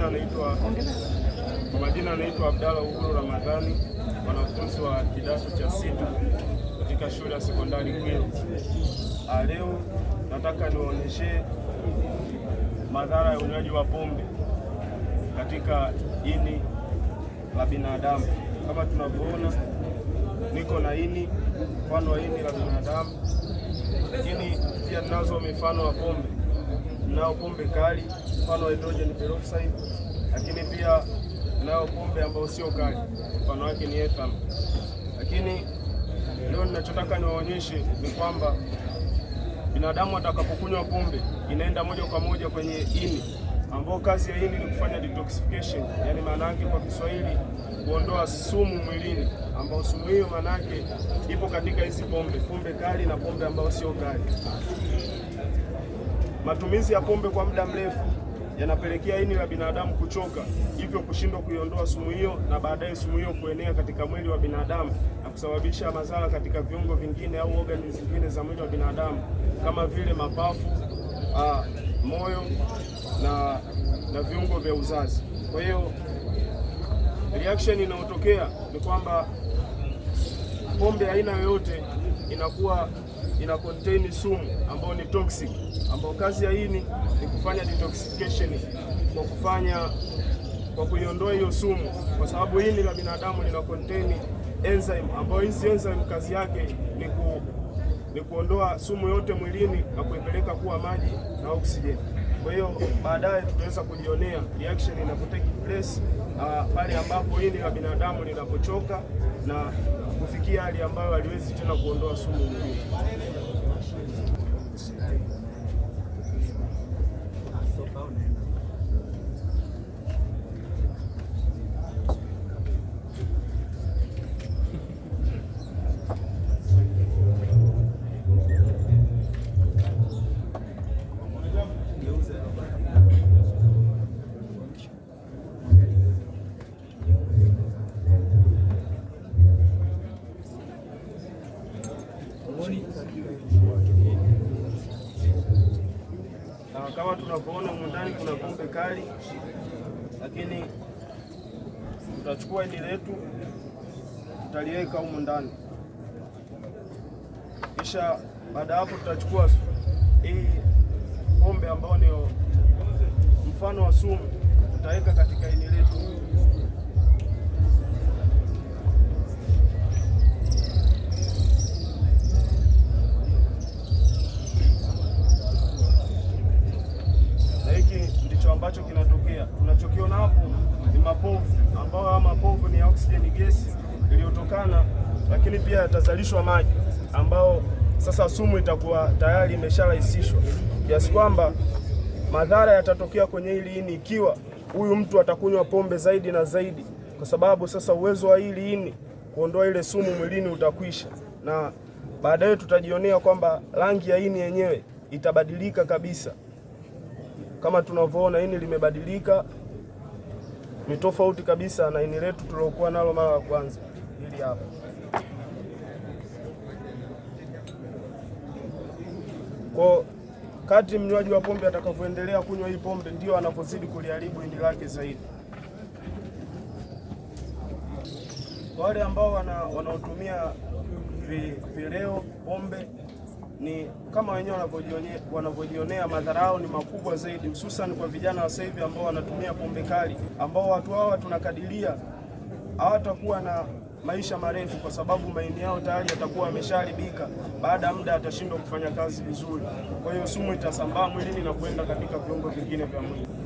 majina anaitwa kwa majina anaitwa Abdalla Uhuru Ramadhani, mwanafunzi wa kidato cha sita katika shule ya sekondari Gwiru. Ah, leo nataka niwaonyeshe madhara ya unywaji wa pombe katika ini la binadamu. Kama tunavyoona, niko na ini, mfano wa ini la binadamu, lakini pia tunazo mifano ya pombe nao pombe kali mfano hydrogen peroxide, lakini pia nao pombe ambayo sio kali mfano wake ni ethanol. Lakini leo ninachotaka niwaonyeshe ni kwamba binadamu atakapokunywa pombe inaenda moja kwa moja kwenye ini, ambao kazi ya ini ni kufanya detoxification, yani maana yake kwa Kiswahili kuondoa sumu mwilini, ambao sumu hiyo maana yake ipo katika hizi pombe, pombe kali na pombe ambayo sio kali. Matumizi ya pombe kwa muda mrefu yanapelekea ini la binadamu kuchoka, hivyo kushindwa kuiondoa sumu hiyo, na baadaye sumu hiyo kuenea katika mwili wa binadamu na kusababisha madhara katika viungo vingine au ogani zingine za mwili wa binadamu kama vile mapafu, a, moyo na, na viungo vya uzazi. Kwa hiyo reaction inayotokea ni kwamba pombe aina yoyote inakuwa ina contain sumu ambayo ni toxic, ambayo kazi ya hii ni kufanya detoxification kwa kufanya kwa kuiondoa hiyo sumu, kwa sababu ini la binadamu lina contain enzyme ambayo hizi enzyme kazi yake ni, ku, ni kuondoa sumu yote mwilini na kuipeleka kuwa maji na oksijeni. Kwa hiyo baadaye tutaweza kujionea reaction inapotake place uh, pale ambapo ini la binadamu linapochoka na kufikia hali ambayo haliwezi tena kuondoa sumu mwilini. kama tunavyoona huko ndani kuna pombe kali, lakini tutachukua ini letu tutaliweka huko ndani, kisha baada hapo tutachukua hii pombe ambayo ni mfano wa sumu tutaweka katika ini letu. ambacho kinatokea. Tunachokiona hapo ni mapovu, ambao haya mapovu ni oxygen gesi iliyotokana, lakini pia yatazalishwa maji ambao sasa sumu itakuwa tayari imesharahisishwa kiasi kwamba madhara yatatokea kwenye hili ini ikiwa huyu mtu atakunywa pombe zaidi na zaidi, kwa sababu sasa uwezo wa hili ini kuondoa ile sumu mwilini utakwisha, na baadaye tutajionea kwamba rangi ya ini yenyewe itabadilika kabisa. Kama tunavyoona ini limebadilika, ni tofauti kabisa na ini letu tuliokuwa nalo mara ya kwanza. Hili hapa kwa kati, mnywaji wa pombe atakavyoendelea kunywa hii pombe ndio anavyozidi kuliharibu ini lake zaidi. Wale ambao wanaotumia vileo pombe ni kama wenyewe wanavyojionea madhara yao ni makubwa zaidi, hususan kwa vijana wa sasa hivi ambao wanatumia pombe kali, ambao watu hawa tunakadiria hawatakuwa na maisha marefu kwa sababu maini yao tayari yatakuwa ameshaharibika. Baada ya muda atashindwa kufanya kazi vizuri, kwa hiyo sumu itasambaa mwilini na kuenda katika viungo vingine vya mwili.